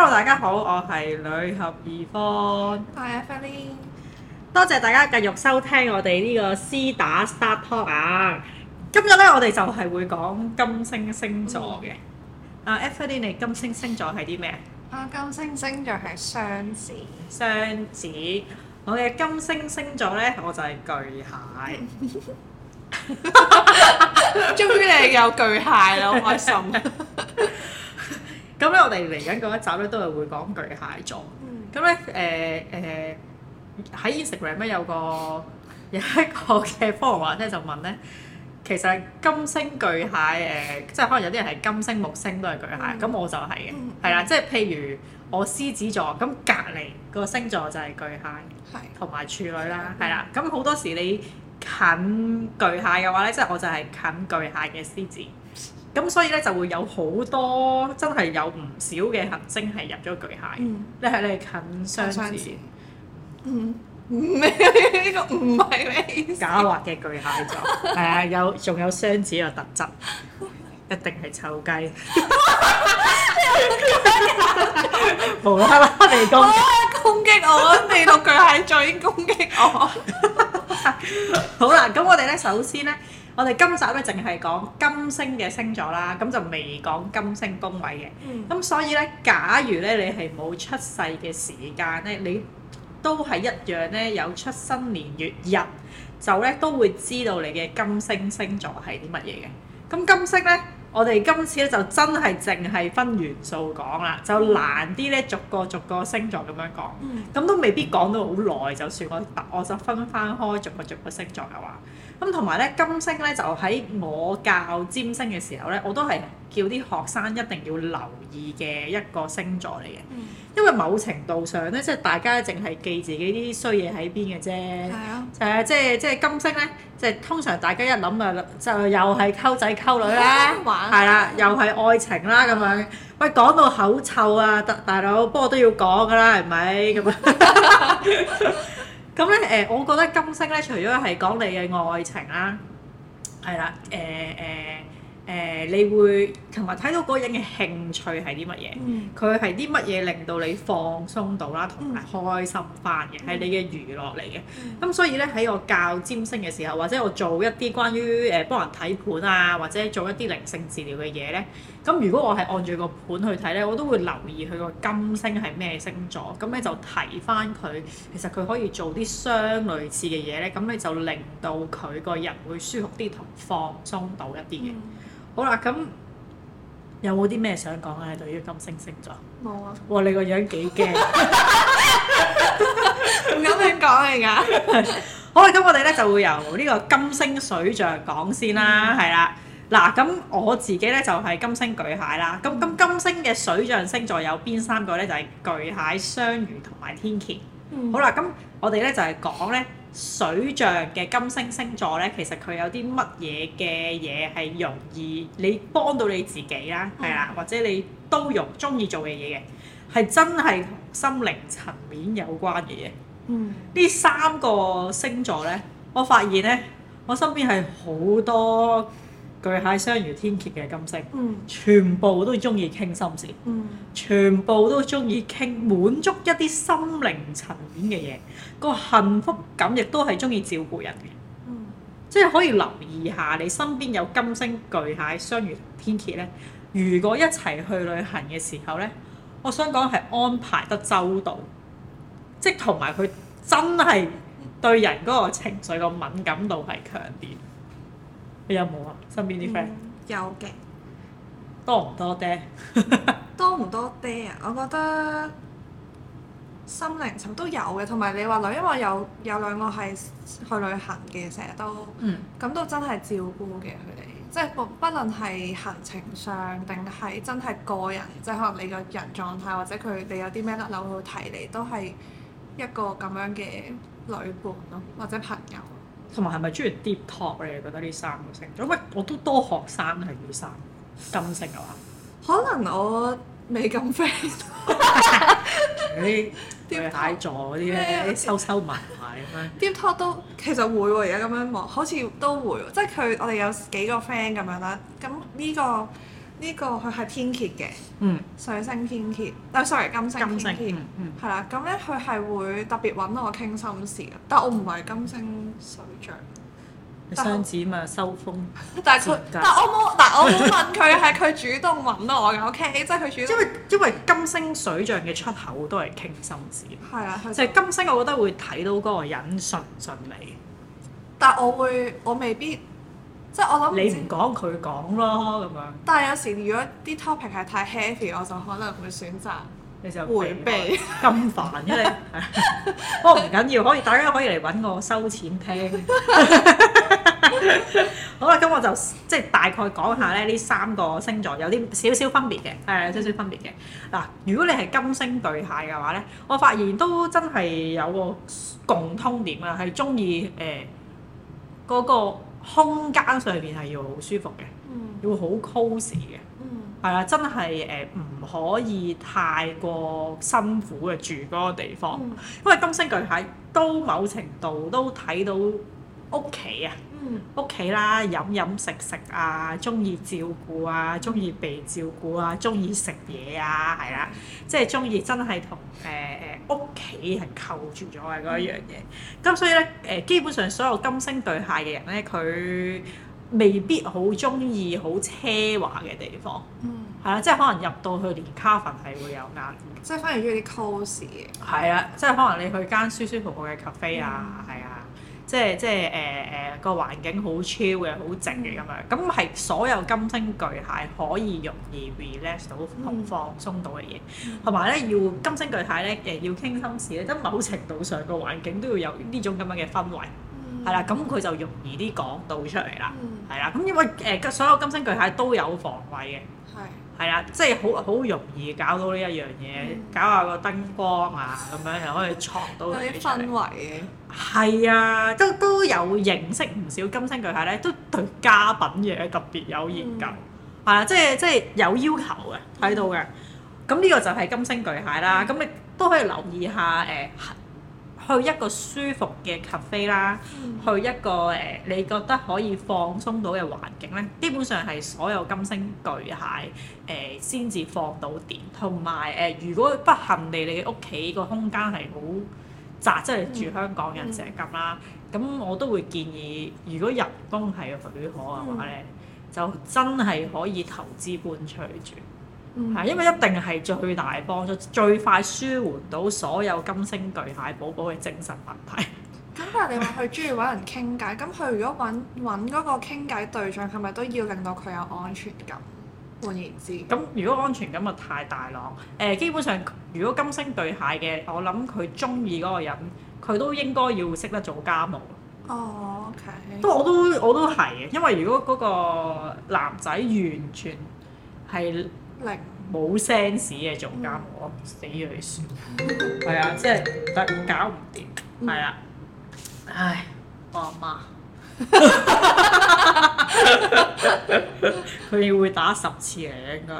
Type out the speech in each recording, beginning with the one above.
Hello，大家好，我係女俠二方，係啊，Evelyn，多謝大家繼續收聽我哋呢個私打 Star Talk。今日咧，我哋就係會講金星星座嘅。啊，Evelyn，你金星星座係啲咩啊？啊，金星星座係雙子。雙子，我嘅金星星座咧，我就係巨蟹。終於你有巨蟹啦，好開心。咁咧，我哋嚟緊嗰一集咧都係會講巨蟹座。咁咧、嗯，誒誒，喺、呃呃、Instagram 咧有個有一個嘅 follower 咧就問咧，其實金星巨蟹誒、呃，即係可能有啲人係金星木星都係巨蟹，咁、嗯、我就係嘅，係、嗯嗯、啦，即係譬如我獅子座，咁隔離個星座就係巨蟹，同埋處女啦，係、嗯、啦，咁好多時你近巨蟹嘅話咧，即、就、係、是、我就係近巨蟹嘅獅子。咁、嗯、所以咧就會有好多真係有唔少嘅行星係入咗巨蟹，嗯、你係你近雙子，嗯，唔係呢個唔係咩假滑嘅巨蟹座，係啊、 哎，有仲有雙子嘅特質，一定係臭雞， 無啦啦地攻，攻擊我地獄巨蟹座最攻擊我，好啦，咁我哋咧首先咧。我哋今集咧淨係講金星嘅星座啦，咁就未講金星宮位嘅。咁、嗯、所以呢，假如呢，你係冇出世嘅時間呢，你都係一樣呢，有出生年月日，就呢都會知道你嘅金星星座係啲乜嘢嘅。咁金星呢，我哋今次咧就真係淨係分元素講啦，就難啲呢逐個逐個逐個星座咁樣講。咁、嗯、都未必講到好耐，就算我我就分翻開逐個逐個逐個星座嘅話。咁同埋咧金星咧就喺我教占星嘅時候咧，我都係叫啲學生一定要留意嘅一個星座嚟嘅，嗯、因為某程度上咧，即係大家淨係記自己啲衰嘢喺邊嘅啫。係啊，誒即係即係金星咧，即係通常大家一諗啊，就又係溝仔溝女啦，係啦、嗯啊，又係愛情啦咁樣。喂，講到口臭啊，大大佬不過都要講㗎啦，係咪咁樣？ 咁咧，誒、呃，我覺得金星咧，除咗係講你嘅愛情啦、啊，係啦，誒、呃，誒、呃。誒、呃，你會琴日睇到嗰個人嘅興趣係啲乜嘢？佢係啲乜嘢令到你放鬆到啦，同埋、嗯、開心翻嘅，係、嗯、你嘅娛樂嚟嘅。咁所以咧，喺我教占星嘅時候，或者我做一啲關於誒、呃、幫人睇盤啊，或者做一啲靈性治療嘅嘢咧，咁如果我係按住個盤去睇咧，我都會留意佢個金星係咩星座，咁咧就提翻佢，其實佢可以做啲相類似嘅嘢咧，咁咧就令到佢個人會舒服啲同放鬆到一啲嘅。嗯。好啦，咁有冇啲咩想講呀，對於金星星座？冇有啊。哇，你個樣幾驚， 咁樣講嚟噶。好啦，咁我哋咧就會由呢個金星水象講先啦，係、嗯、啦。嗱，咁我自己咧就係、是、金星巨蟹啦。咁咁金星嘅水象星座有邊三個咧？就係、是、巨蟹、雙魚同埋天蠍。嗯、好啦，咁我哋咧就係、是、講咧。水象嘅金星星座呢，其實佢有啲乜嘢嘅嘢係容易你幫到你自己啦，係啊、嗯，或者你都容中意做嘅嘢嘅，係真係同心靈層面有關嘅嘢。嗯，呢三個星座呢，我發現呢，我身邊係好多。巨蟹、雙魚、天蠍嘅金星，全部都中意傾心事，嗯、全部都中意傾滿足一啲心靈層面嘅嘢。個幸福感亦都係中意照顧人嘅，嗯、即係可以留意下你身邊有金星、巨蟹、雙魚、天蠍呢。如果一齊去旅行嘅時候呢，我想講係安排得周到，即同埋佢真係對人嗰個情緒個敏感度係強啲。你有冇啊？身邊啲 friend、嗯、有嘅，多唔多爹？ 多唔多爹啊？我覺得心靈上都有嘅，同埋你話旅，因為有有兩個係去旅行嘅，成日都咁、嗯、都真係照顧嘅佢哋，即係不不論係行程上定係真係個人，即係可能你個人狀態或者佢哋有啲咩甩漏好提你都係一個咁樣嘅旅伴咯，嗯、或者朋友。同埋係咪中意 deep talk 咧？Deep Talk, 你覺得呢三個星座，喂，我都多學生係要三個金星啊嘛。可能我未咁 friend 嗰啲矮座嗰啲咧，收收埋埋咁樣。deep talk 都其實會喎、哦，而家咁樣望，好似都會，即係佢我哋有幾個 friend 咁樣啦。咁呢、呢個。呢個佢係天蠍嘅，嗯、水星天蠍。啊、哎、sorry，金星天蠍，係啦。咁咧佢係會特別揾我傾心事嘅，但係我唔係金星水象。雙子嘛，收風。 但係佢， 但我冇，但我冇問佢，係佢主動揾我嘅。O K，即係佢主動。因為因為金星水象嘅出口都係傾心事。係啊，即係金星，我覺得會睇到嗰個人順唔順利。但係我會，我未必。即係我諗你唔講佢講咯咁樣。但係有時如果啲 topic 係太 heavy，我就可能會選擇回你就候迴避煩、啊，咁煩嘅你。不過唔緊要，可以大家可以嚟揾我收錢聽。 好啦，咁我就即係、就是、大概講下咧，呢三個星座、嗯、有啲少少分別嘅，係有少少分別嘅。嗱、啊，如果你係金星巨蟹嘅話咧，我發現都真係有個共通點啊，係中意誒嗰個，個。空間上邊係要好舒服嘅，嗯、要好 close 嘅，係啊、嗯，真係誒唔可以太過辛苦嘅住嗰個地方，嗯、因為金星巨蟹都某程度都睇到屋企啊。屋企啦，飲飲食食啊，中意照顧啊，中意被照顧啊，中意食嘢啊，係啦，即係中意真係同誒誒屋企係構住咗嘅嗰一樣嘢。咁所以咧誒，基本上所有金星對下嘅人咧，佢未必好中意好奢華嘅地方。嗯，係啦，即係可能入到去連卡佛係會有啱。即係反而中意啲 cos。係啊，即係可能你去間舒舒服服嘅 cafe 啊，係啊。即係即係誒誒個環境好 chill 嘅，好靜嘅咁樣，咁係所有金星巨蟹可以容易 relax 到同、嗯、放鬆到嘅嘢，同埋咧要金星巨蟹咧誒、呃、要傾心事咧，都某程度上、這個環境都要有呢種咁樣嘅氛圍，係啦、嗯，咁佢就容易啲講到出嚟啦，係啦、嗯，咁因為誒、呃、所有金星巨蟹都有防衞嘅。係啊，即係好好容易搞到呢、嗯、一樣嘢，搞下個燈光啊，咁樣又可以創到嗰啲氛圍。係啊，都都有認識唔少金星巨蟹咧，都對家品嘢特別有研究。係啊、嗯，即係即係有要求嘅，睇到嘅。咁呢、嗯、個就係金星巨蟹啦。咁你都可以留意下誒。呃去一個舒服嘅 cafe 啦，去一個誒、呃、你覺得可以放鬆到嘅環境咧，基本上係所有金星巨蟹誒先至放到電。同埋誒，如果不幸地你屋企個空間係好窄，即係、嗯、住香港人成咁啦，咁我都會建議，如果人工係許可嘅話咧，嗯、就真係可以投資搬出去住。係，嗯、因為一定係最大幫助，最快舒緩到所有金星巨蟹寶寶嘅精神問題。咁但係你話佢中意揾人傾偈，咁佢 如果揾揾嗰個傾偈對象，係咪都要令到佢有安全感？換言之，咁、嗯、如果安全感又太大浪，誒、呃、基本上如果金星巨蟹嘅，我諗佢中意嗰個人，佢都應該要識得做家務。哦，OK，不過我都我都係嘅，因為如果嗰個男仔完全係。冇 sense 嘅做家我死佢算！係啊、嗯，嗯、即係唔得，搞唔掂，係啊、嗯。唉，我阿媽，佢會打十次嚟嘅應該。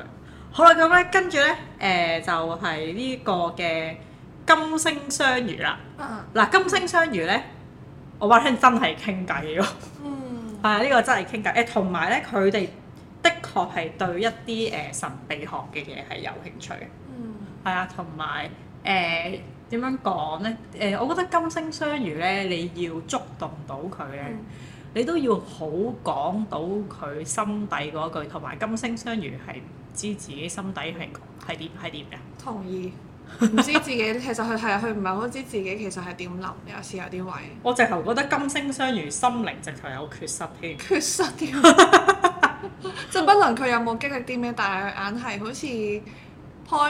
好啦，咁咧，跟住咧，誒、呃、就係、是、呢個嘅金星雙魚啦。嗱、嗯，金星雙魚咧，我話聽真係傾偈咯。 嗯。係啊，呢個真係傾偈。誒，同埋咧佢哋。的確係對一啲誒神秘學嘅嘢係有興趣，嗯，係啊，同埋誒點樣講咧？誒、呃，我覺得金星雙魚咧，你要觸動到佢咧，嗯、你都要好講到佢心底嗰句，同埋金星雙魚係知自己心底評估係點係點嘅。同意，唔知，知自己其實佢係佢唔係好知自己其實係點諗，有時有啲位。我直頭覺得金星雙魚心靈直頭有缺失添，缺失添。 即 不論佢有冇經歷啲咩，但係佢硬係好似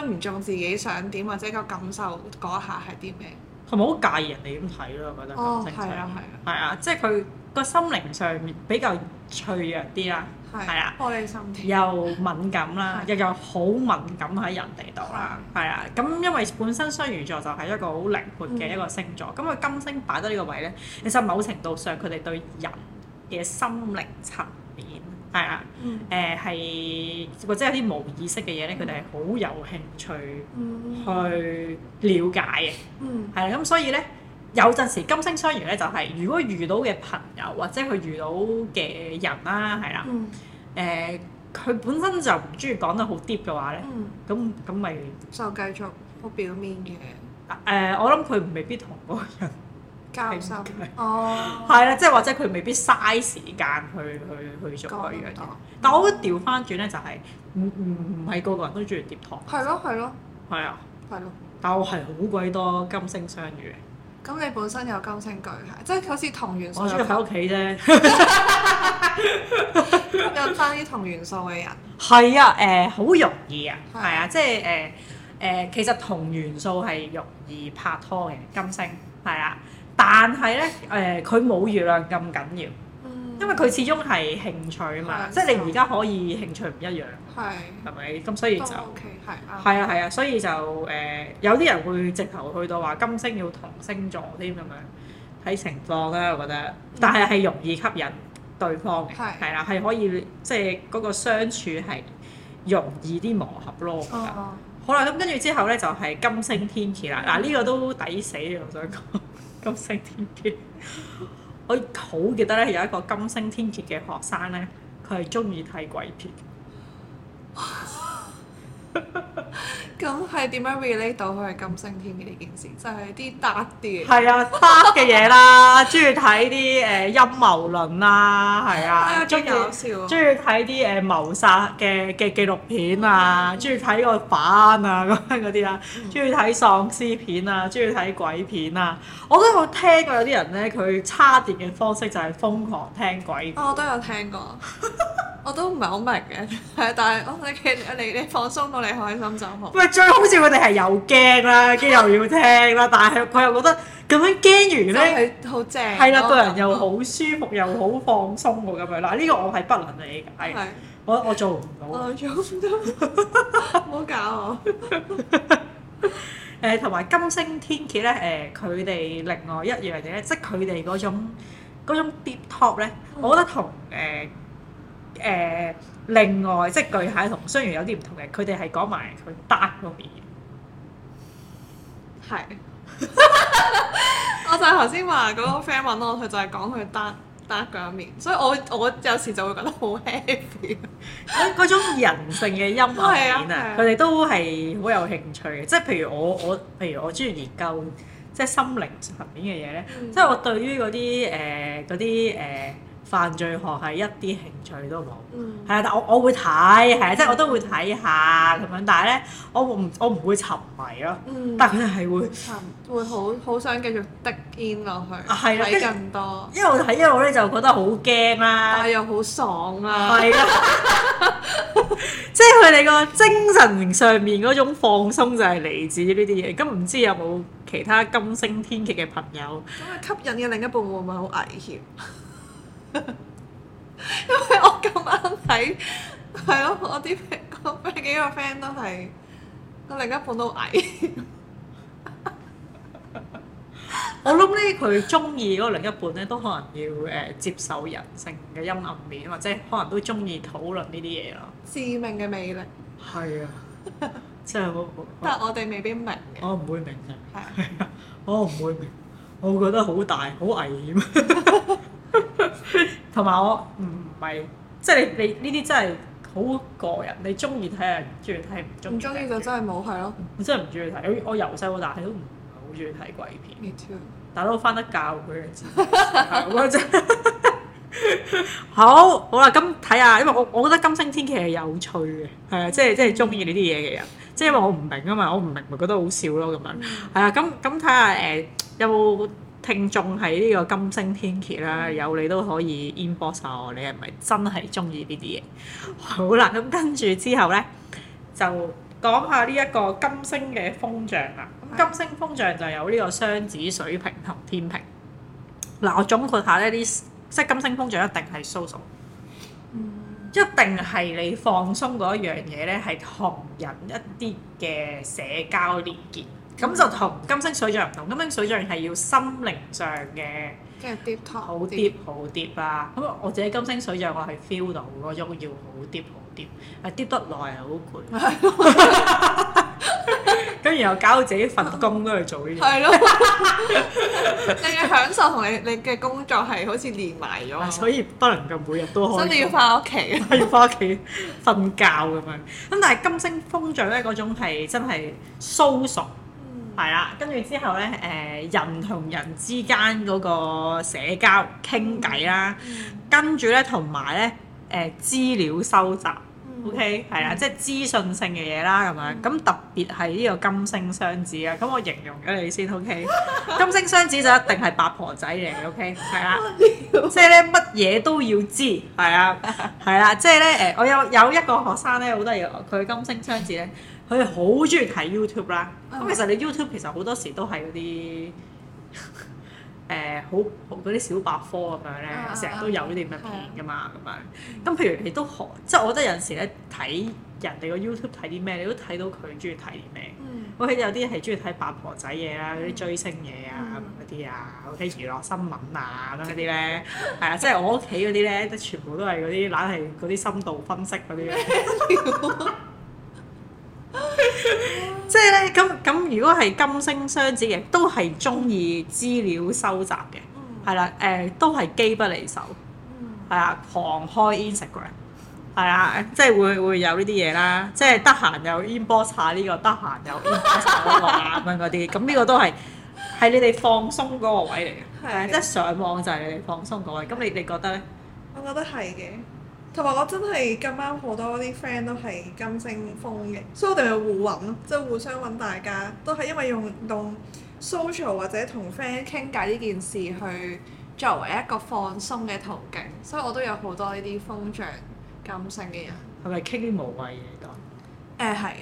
開唔中自己想點，或者個感受嗰下係啲咩，係咪好介意人哋點睇咯？我覺得哦，係啊，係啊，係啊了，即係佢個心靈上面比較脆弱啲啦，係啊，開心又敏感啦， 又又好敏感喺人哋度啦，係啊，咁因為本身雙魚座就係一個好靈活嘅一個星座，咁佢，嗯、金星擺得呢個位咧，其實某程度上佢哋對人嘅心靈層。係啊，誒係、嗯呃、或者有啲無意識嘅嘢咧，佢哋係好有興趣去了解嘅、嗯。嗯，係啦，咁所以咧，有陣時金星雙魚咧就係、是、如果遇到嘅朋友或者佢遇到嘅人啦，係啦，誒佢、嗯呃、本身就唔中意講得好 deep 嘅話咧，咁咁咪就我繼續好表面嘅。誒、呃，我諗佢未必同嗰個人。哦，係啦，即係或者佢未必嘥時間去去去做嗰樣嘢。但我覺得掉返轉咧，就係唔唔唔係個個人都中意 Deep Talk。係咯，係咯，係啊了，係咯。但係我係好鬼多金星雙魚嘅。咁你本身有金星巨蟹，即係好似同元素。我中意喺屋企啫，有返啲同元素嘅人。係 啊，誒、呃，好容易啊。係啊，即係誒誒，其實同元素係容易拍拖嘅金星，係啊。但係咧，誒佢冇月亮咁緊要，因為佢始終係興趣啊嘛，即係你而家可以興趣唔一樣，係咪是？咁所以就係啊係啊，所以就誒是、呃、有啲人會直頭去到話金星要同星座啲咁樣睇情況啦、啊，我覺得，但係係容易吸引對方嘅，係啦是，係可以即係嗰個相處係容易啲磨合咯。哦嗯、好啦，咁跟住之後咧就係、是、金星天蠍啦，嗱呢、這個都抵死我想講。 金星天蠍， 我好記得咧，有一個金星天蠍嘅學生咧，佢係中意睇鬼片。 咁係點樣 relate 到佢係金星天嘅呢件事？就係啲癲嘅嘢，係啊，癲嘅嘢啦，中意睇啲誒陰謀論啦，係啊，中意中意睇啲誒謀殺嘅嘅紀錄片啊，中意睇個反啊咁樣嗰啲啦，中意睇喪屍片啊，中意睇鬼片啊。我都有聽過有啲人咧，佢差癲嘅方式就係瘋狂聽鬼片。哦。我都有聽過， 我都唔係好明嘅，係，但係我你你你放鬆到開心就好。唔係最好，似佢哋係又驚啦，跟住又要聽啦。但係佢又覺得咁樣驚完咧，佢好正。係啦，個人又好舒服，又好放鬆喎咁樣。嗱，呢個我係不能理解。係，我我做唔到。我做唔到，唔好搞我。誒，同埋金星天蠍咧，誒，佢哋另外一樣嘢咧，即係佢哋嗰種嗰種 deep talk 咧，我覺得同誒誒。另外，即係巨蟹雖然同雙魚有啲唔同嘅，佢哋係講埋佢 dark 嗰面嘅，係是。 我就係頭先話嗰個 friend 問我，佢就係講佢 dark dark 嗰一面，所以我我有時就會覺得好 heavy。嗰 種人性嘅陰面啊，佢哋、啊、都係好有興趣嘅，即係譬如我我譬如我中意研究即係心靈層面嘅嘢咧，嗯、即係我對於嗰啲誒嗰啲誒。呃犯罪學係一啲興趣都冇，係啊、嗯！但我我會睇，係啊！即係我都會睇下咁樣，但係咧，我唔我唔會沉迷咯。嗯，但係佢哋係會會好好想繼續滴 in 落去睇的更多。因為一路睇一路咧就覺得好驚啦，但又好爽啊！係咯，即係佢哋個精神上面嗰種放鬆就係嚟自呢啲嘢。咁唔知有冇其他金星天蠍嘅朋友？咁啊，吸引嘅另一部分會唔會好危險。 因為我咁啱睇，係咯，我啲我 friend 幾個 friend 都係，個另一半都危。矮。 我諗呢，佢中意嗰另一半咧，都可能要誒、呃、接受人性嘅陰暗面，或者可能都中意討論呢啲嘢咯。致命嘅魅力係啊，真係好，好、就是。但係我哋未必明嘅。我唔會明嘅，係啊，我唔會明，我覺得好大，好危險。 同埋 我唔係、嗯，即係你你呢啲真係好個人，你中意睇人，中意睇唔中？唔中意就真係冇，係咯、 嗯，我真係唔中意睇。我由細到大都唔係好中意睇鬼片。Me too。翻得教佢哋、 嗯、 好，好啦，咁睇下，因為我我覺得金星天蠍係有趣嘅，係啊，即係即係中意呢啲嘢嘅人，即係因為我唔明啊嘛，我唔明咪覺得好笑咯，咁樣係啊。咁咁睇下誒，有冇？聽眾喺呢個金星天蠍啦，有你都可以 inbox 我，你係咪真係中意呢啲嘢？好啦，咁跟住之後咧，就講下呢一個金星嘅風象啦。金星風象就有呢個雙子、水瓶同天秤。嗱，我總括下咧，即係金星風象一定係 social，一定係你放鬆嗰一樣嘢咧，係同人一啲嘅社交連結。咁就同金星水象唔同，金星水象係要心靈上嘅，好 deep 好 deep 啊！咁我我自己金星水象，我係 feel 到我慾要好 deep 好 deep，但 deep 得耐啊好攰，跟住又搞到自己份工都係做呢啲，係咯，你嘅享受同你你嘅工作係好似連埋咗，所以不能夠每日都，好。真係要翻屋企，要翻屋企瞓覺咁樣。咁但係金星風象咧，嗰種係真係 social 熟。係啦，跟住之後咧，誒人同人之間嗰個社交傾偈啦，嗯、跟住咧同埋咧，誒資料收集、嗯、OK，係啦，即係、嗯、資訊性嘅嘢啦咁樣。咁、嗯、特別係呢個金星雙子啊，咁我形容咗你先，OK？ 金星雙子就一定係八婆仔嚟，OK？係啦，即係咧乜嘢都要知，係啊，係啊， 即係咧誒，我有有一個學生咧，好得意，佢金星雙子咧。佢好中意睇 YouTube 啦，咁、uh huh. 其實你 YouTube 其實好多時都係嗰啲誒好好嗰啲小百科咁樣咧，成日、uh huh. 都有呢啲咁嘅片噶嘛咁樣。咁、uh huh. 譬如你都學，uh huh. 即係我覺得有時咧睇人哋個 YouTube 睇啲咩，你都睇到佢中意睇啲咩。Uh huh. 我有啲係中意睇八婆仔嘢啦，啲追星嘢啊嗰啲啊，嗰啲、uh huh. 啊、娛樂新聞啊咁嗰啲咧，係啊，即係、uh huh. uh, 我屋企嗰啲咧都全部都係嗰啲懶係嗰啲深度分析嗰啲。即係咧，咁咁如果係金星雙子嘅，都係中意資料收集嘅，係啦、嗯，誒、呃、都係機不離手，係啊、嗯，狂開 Instagram，係啊，即係會會有呢啲嘢啦，即係得閒又 inbox 下呢、這個，得閒又 inbox 下嗰、這、啲、個，咁呢、 哦、個都係係你哋放鬆嗰個位嚟嘅，係啊的，即係上網就係你哋放鬆嗰位，咁你你覺得咧？我覺得係嘅。同埋我真係咁啱好多啲 friend 都係金星風嘅，所以我哋係互揾咯，即係互相揾、就是、大家，都係因為用用 social 或者同 friend 傾偈呢件事去作為一個放鬆嘅途徑，所以我都有好多呢啲風象金星嘅人。係咪傾啲無謂嘢講？誒係，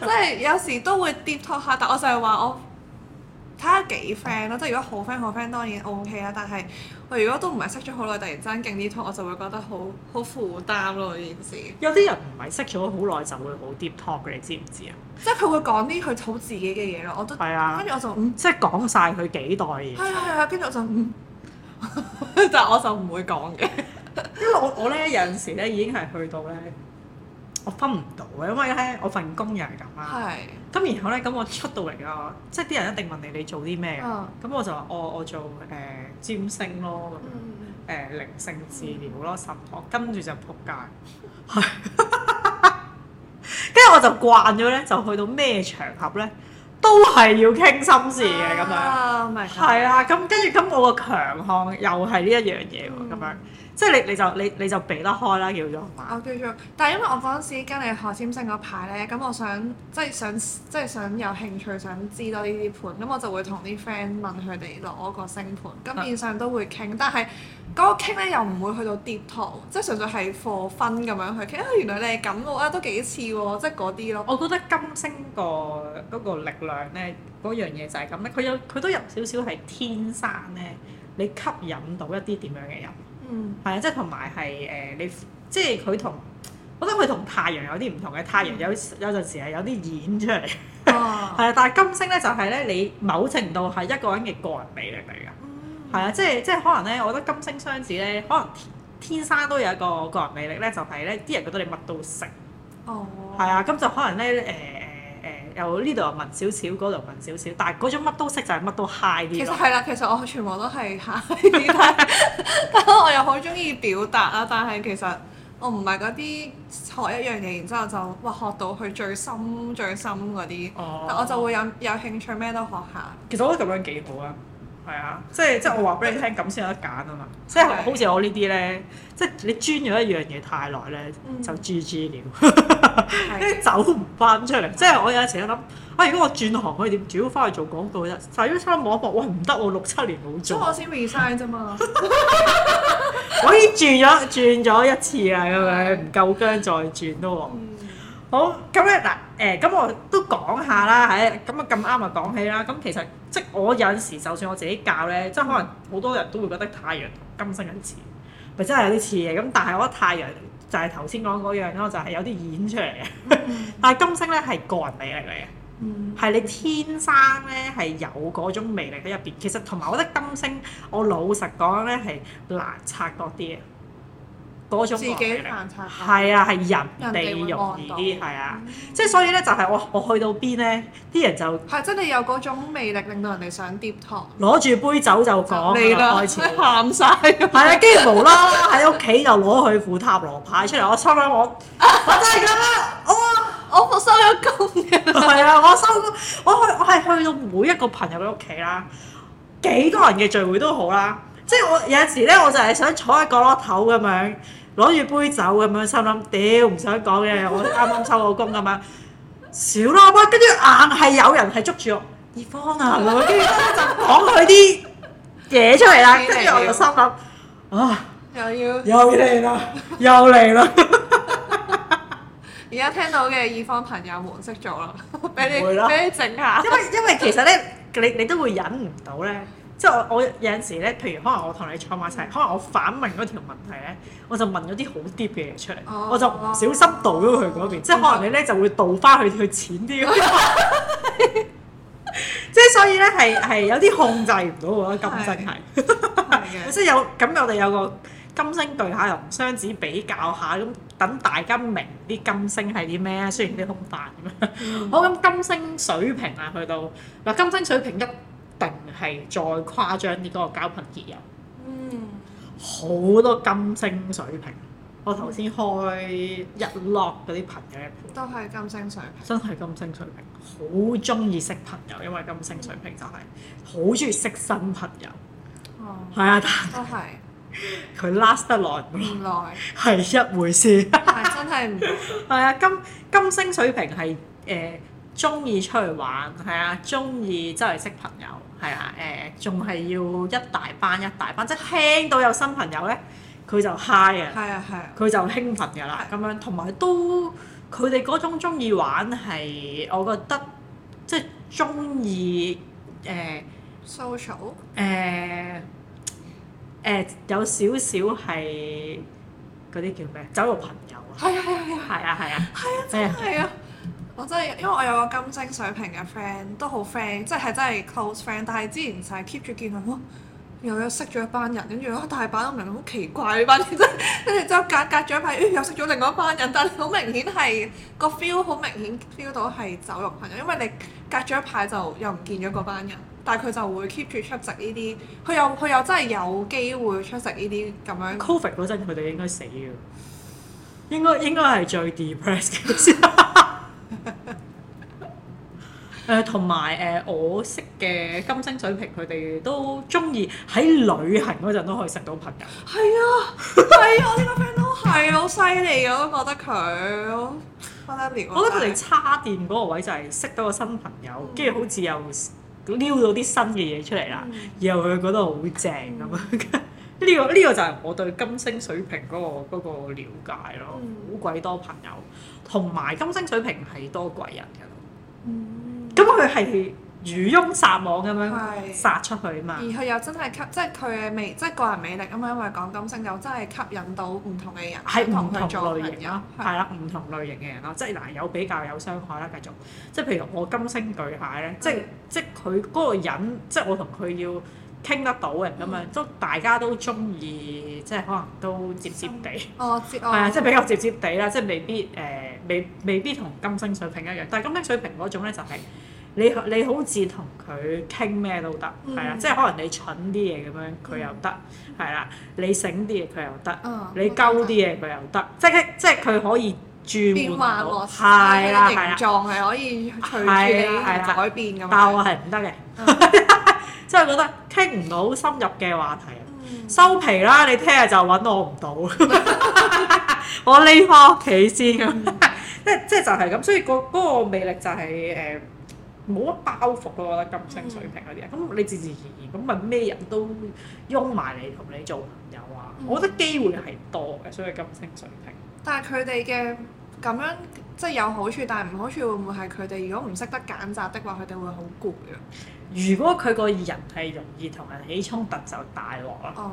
即係、呃、有時都會 deep talk 下，但我就係話我。睇下幾 friend 咯，friendly，即係如果好 friend 好 friend 當然 OK 啦，但係我如果都唔係識咗好耐，突然之間勁啲拖，我就會覺得好好負擔咯、啊，件事有啲人唔係識咗好耐就會冇 deep talk 嘅，你知唔知啊？即係佢會講啲佢討自己嘅嘢咯，我都跟住、啊、我就、嗯、即係講晒佢幾代嘢。係啊係啊，跟住、啊、我就唔，就、嗯、 我就唔會講嘅， 因為我我咧有陣時咧已經係去到咧。我分唔到嘅，因為咧我份工又係咁啦。咁的然後咧，咁我出到嚟啊，即係啲人一定問你你做啲咩？咁、嗯、我就話我我做誒占、呃、星咯，咁誒靈性治療咯，神學。跟住就仆街。跟住、嗯、 我就慣咗咧，就去到咩場合咧，都係要傾心事嘅咁、啊、樣。係啊，咁跟住咁我個強項又係呢一樣嘢喎，咁樣。嗯嗯即係你你就你你就避得開啦，叫咗。我叫咗，但係因為我嗰陣時跟你學占星嗰排咧，咁我想即係想即係想有興趣，想知多呢啲盤，咁我就會同啲 friend 問佢哋攞個星盤，咁面上都會傾，但係嗰傾咧又唔會去到 deep talk，即係純粹係 for fun 咁樣去傾啊。原來你係咁喎，啊都幾似喎，即係嗰啲咯。我覺得金星個嗰力量咧，嗰樣嘢就係咁啦。佢有，佢都有少少係天生咧，你吸引到一啲點樣嘅人。嗯，係啊，即係同埋係誒，你即係佢同，我覺得佢同太陽有啲唔同嘅，太陽有、嗯、有陣時係有啲演出嚟，係啊，但係金星咧就係咧，你某程度係一個人嘅個人魅力嚟嘅，係啊、嗯，即係即係可能咧，我覺得金星雙子咧，可能天，天，天生都有一個個人魅力咧，就係、是、咧，啲人覺得你乜都識，係啊、哦，咁、嗯、就可能咧誒。呃由呢度又聞少少，嗰度聞少少，但係嗰種乜都識就係乜都 high 啲。其實係啦，其實我全部都係 high 啲， 但係我又好中意表達啦。但係其實我唔係嗰啲學一樣嘢，然之後就哇學到佢最深最深嗰啲。哦，但我就會有有興趣咩都學下。其實我覺得咁樣幾好啊，係啊，即係即係我話俾你聽，咁先有得揀啊嘛。即係、嗯、好似我呢啲咧，即係你專咗一樣嘢太耐咧，就 g g 了。嗯 跟住 走唔翻出嚟，即係我有陣時諗，我如果我轉行可以點？只要翻去做廣告啫，就咁差唔多搏一搏，喂！唔得我六七年冇做，我先 resign 啫嘛 。可、啊、以轉咗轉咗一次啊，咁樣唔夠姜再轉咯、嗯、好咁樣嗱，誒咁我都講下啦，誒咁啊咁啱啊講起啦，咁其實即係、就是、我有陣時就算我自己教咧，即係可能好多人都會覺得太陽同金星咁似，咪真係有啲似嘅。咁但係我覺得太陽。就係頭先講嗰樣咯，就係、是、有啲演出嚟嘅。Mm hmm. 但係金星咧係個人魅力嚟嘅，係、mm hmm. 你天生咧係有嗰種魅力喺入邊。其實同埋我覺得金星，我老實講咧係難察覺啲嘅。嗰種魅力自己，係啊，係人哋容易啲，係啊，即係、嗯、所以咧，就係、是、我我去到邊咧，啲人就係真係有嗰種魅力，令到人哋想 DEEP TALK。攞住杯酒就講，開始喊晒。係啊，幾乎無啦啦喺屋企就攞佢副塔羅牌出嚟，我收喺我，我、 啊、真係咁啦，我我收咗工嘅。係啊，我收，我去，我係去到每一個朋友嘅屋企啦，幾多人嘅聚會都好啦。即係我有時咧，我就係想坐喺角落頭咁樣，攞住杯酒咁樣，心諗屌唔想講嘅，我啱啱收到工咁樣，少啦，跟住硬係有人係捉住我，二方啊，跟住就講佢啲嘢出嚟啦，跟住我就心諗啊，又要又嚟啦，又嚟啦，而家聽到嘅二方朋友唔識做啦，俾你俾你靜下，因為因為其實咧，你你都會忍唔到咧。即係我我有陣時咧，譬如可能我同你坐埋一齊，可能我反問嗰條問題咧，我就問咗啲好 deep 嘅嘢出嚟，我就唔小心導咗佢嗰邊，即係可能你咧就會導翻去去淺啲。即係所以咧係係有啲控制唔到個金星係，即係有咁我哋有個金星對下又唔雙子比較下，咁等大家明啲金星係啲咩？雖然啲空泛咁，我諗金星水瓶啊，去到嗱金星水瓶一。定係再誇張啲嗰個交朋結友，嗯，好多金星水瓶。我頭先開日落嗰啲朋友一盤，都係金星水瓶，真係金星水瓶。好鍾意識朋友，因為金星水瓶就係好鍾意識新朋友。哦，係啊，但都係是。佢 last 得耐唔耐係一回事，係真係唔係啊？金金星水瓶係誒鍾意出去玩，係啊，鍾意即係識朋友。係啊，誒仲係要一大班一大班，即係聽到有新朋友咧，佢就嗨 i g 啊，係啊，佢就興奮㗎啦，咁樣，同埋都佢哋嗰種中意玩係，我覺得即係中意誒 social 誒誒有少少係嗰啲叫咩？走入朋友啊，係啊係啊係啊係啊係啊，係啊。我真係因為我有個金星水瓶嘅 friend，都好 friend，即係真係 close friend。但係之前就係 keep 住見佢，我、哦、又有識咗一班人，跟住嗰大把人好奇怪，跟住跟住之後隔隔咗一排，又識咗另外一班人，但係好明顯係、嗰個 feel 好明顯 feel 到係酒肉朋友，因為你隔咗一排就又唔見咗嗰班人，但係佢就會 keep 住出席呢啲，佢又佢又真係有機會出席呢啲咁樣。Covid 嗰陣佢哋應該死㗎，應該應該係最 depressed 嘅。 誒，同埋誒我識嘅金星水瓶，佢哋都中意喺旅行嗰陣都可以識到朋友。係 啊，係 啊，我呢個 friend 都係好犀利啊。我都覺得佢。得 我覺得佢哋叉電嗰個位就係識到個新朋友，跟住好似又撩到啲新嘅嘢出嚟啦，然後佢、嗯、覺得好正咁樣。嗯 呢、這個呢、這個就係我對金星水瓶嗰、那個那個了解咯，好鬼、嗯、多朋友，同埋金星水瓶係多貴人嘅。咁佢係漁翁撒網咁樣是殺出去啊嘛。而佢又真係吸，即係佢美，即係個人魅力咁嘛。因為講金星就真係吸引到唔同嘅人，係唔同類型咯，係啦，唔同類型嘅是人咯。即係嗱，有比較有傷害啦。繼續，即係譬如我金星巨蟹咧，即係、嗯、即係佢嗰個人，即係我同佢要。傾得到嘅咁樣，都大家都中意，即係可能都接接地。哦，接係啊，即係比較接接地啦，即係未必誒，未未必同金星水瓶一樣。但係金星水瓶嗰種咧，就係你你好似同佢傾咩都得，係啊，即係可能你蠢啲嘢咁樣，佢又得，係啦，你醒啲嘢佢又得，你鳩啲嘢佢又得，即係即係佢可以轉換到，係啦係啦，狀係可以隨住你改變咁。但我係唔得嘅。即係覺得傾唔到深入嘅話題，嗯、收皮啦！你聽日就揾我唔到， 我匿翻屋企先咁、啊。嗯、 即係就係咁，所以個嗰個魅力就係誒冇乜包袱咯。我覺得金星水平嗰啲，咁、嗯、你自自然然咁咪咩人都擁埋你同你做朋友啊！嗯、我覺得機會係多嘅，所以金星水瓶。但係佢哋嘅。咁樣即係有好處，但係唔好處會唔會係佢哋如果唔識得揀擇的話，佢哋會好攰啊？如果佢個人係容易同人起衝突，就大鑊啦。哦，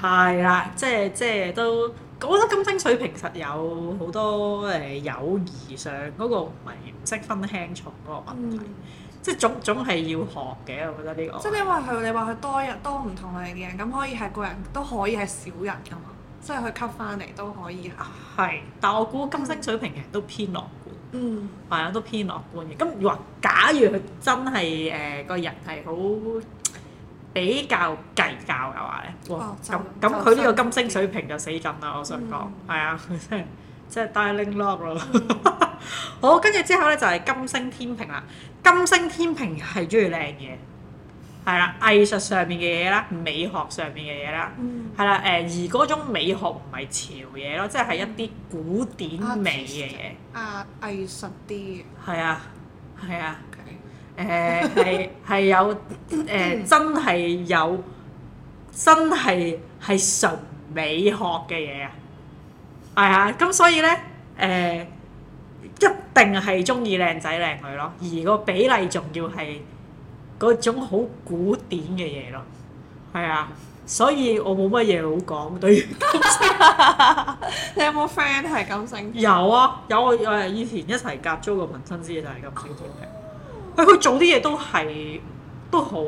係啦，即係即係都，我覺得金星水瓶實有好多誒、呃、友誼上嗰、嗰個唔係唔識分輕重嗰個問題，mm. 即係總總係要學嘅。我覺得呢個。即係因為佢你話佢多日多唔同類型嘅人，咁可以係個人都可以係少人噶嘛。即係佢吸翻嚟都可以。係、啊，但我估金星水瓶嘅人都偏樂觀。嗯。係啊，都偏樂觀嘅。咁如若假如佢真係誒、呃、個人係好比較計較嘅話咧，哦、哇！咁咁佢呢個金星水瓶就死緊啦！我想講，係、嗯、啊，即係即係 d a l i n g lock 咯。嗯、 好，跟住之後咧就係、是、金星天秤啦。金星天秤係中意靚嘢。係啦，藝術上面嘅嘢啦，美學上面嘅嘢啦，係啦、嗯，誒、呃、而嗰種美學唔係潮嘢咯，嗯、即係一啲古典美嘅嘢。啊，藝術啲嘢。係啊，係啊。誒係係有誒、 呃、真係有真係係純美學嘅嘢啊！係啊，咁所以咧誒、呃、一定係中意靚仔靚女咯，而個比例仲要係。嗰種好古典嘅嘢咯，係啊，所以我冇乜嘢好講對於金星。你有冇 friend 係金星？有啊，有我誒以前一齊夾租個紋身師就係、係、金星。係佢、啊、做啲嘢都係都好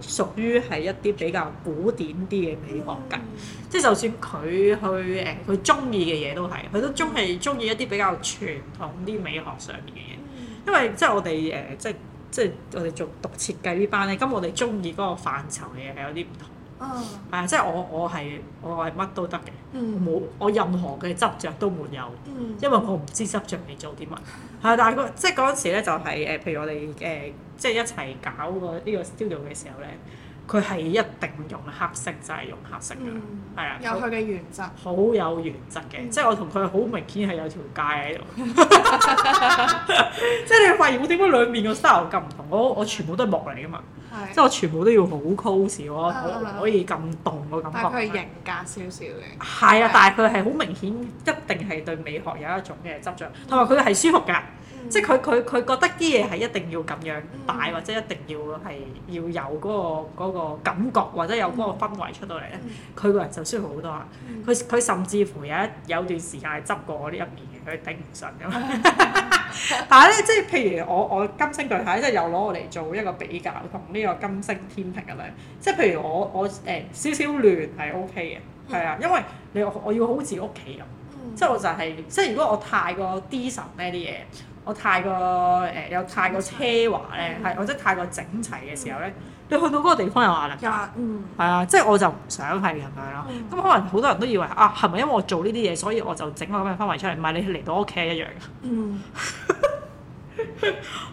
屬於係一啲比較古典啲嘅美學㗎。即係、嗯、就，就算佢去誒佢中意嘅嘢都係，佢都中係中意一啲比較傳統啲美學上面嘅嘢。因為即係我哋誒即係。即係我哋做讀設計班呢班咧，咁我哋中意嗰個範疇嘅嘢係有啲唔同。啊、oh.，係、就、啊、是，即係我我係、mm. 我係乜都得嘅，冇我任何嘅執着都沒有，mm. 因為我唔知執着嚟做啲乜。係， 但係即係嗰陣時咧，就係、是、誒、呃，譬如我哋誒、呃，即係一齊搞個呢個 studio 嘅時候咧。佢係一定用黑色，就係用黑色噶，係啊，有佢嘅原則，好有原則嘅，即係我同佢好明顯係有條街喺度，即係你發現我點解兩面嘅 style 咁唔同？我我全部都係木嚟㗎嘛，即係我全部都要好 close 咯，可以咁凍嘅感覺，但係佢型格少少嘅，係啊，但係佢係好明顯一定係對美學有一種嘅執著，同埋佢係舒服㗎。即係佢佢佢覺得啲嘢係一定要咁樣大，嗯、或者一定要係要有嗰、嗰個嗰個感覺，或者有嗰個氛圍出到嚟咧，佢、嗯、個人就舒服好多啊！佢佢、嗯、甚至乎有一有段時間係執過我呢一面，嘅，佢頂唔順㗎嘛。但係咧，即係譬如我我金星巨蟹，即係又攞我嚟做一個比較，同呢個金星天秤咁樣。即係譬如我我誒、呃、少少亂係 OK 嘅，係啊、嗯，因為你我要好似屋企咁。即係我就係、是，即係如果我太過啲神咧啲嘢，我太過誒、呃、有太過奢華咧，係、嗯、我即係太過整齊嘅時候咧，嗯、你去到嗰個地方有壓力。嗯，係啊，即係我就唔想係咁樣咯。咁、嗯、可能好多人都以為啊，係咪因為我做呢啲嘢，所以我就整個咁嘅氛圍出嚟？唔係，你嚟到屋企係一樣。嗯，